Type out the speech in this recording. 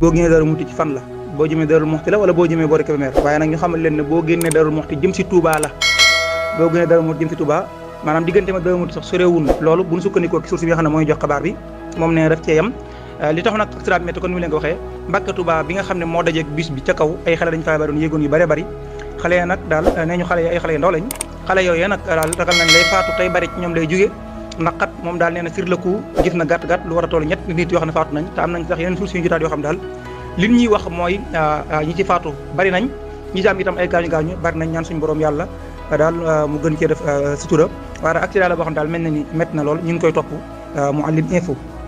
boo génnee Daaru Muxti ci fan la boo jëmee Daaru Muxti la wala boo jëmee boori Kébémer waaye nag ñu xamal leen boo génnee Daaru Muxti jëm si Touba la boo génnee Daaru Muxti jëm si Touba maanaam diggante ma Daaru Muxti sax sorewul loolu bu ñu sukkandikoo ci source bi nga xam ne mooy jox xabaar bi moom ne daf cee yam euh, li tax nag siraat métti kon ni leen ko waxee Mbàkke Touba bi nga xam ne moo dajeeg bis bi ca kaw ay xale dañ faa ba doon daal nee ñu xale ya ay xale yu ndaw lañ xale yooyu nag tey bari ñoom lay jóge ndax kat moom daal nee na sur le coup na gàtt gàtt lu war a toll ñett nit yoo xam ne faatu nañ te am nañ sax yeneen source yu ñu jotaat yoo xam daal li ñuy wax mooy euh, euh, ñi ci faatu bari nañ ñi ci am itam ay gaañu gaañu bari nañ ñaan suñu boroom yàlla euh, daal mu gën cee def sutura waaye accident la boo xam daal mel na ni métti na lool ñu ngi koy topp Mouhalim info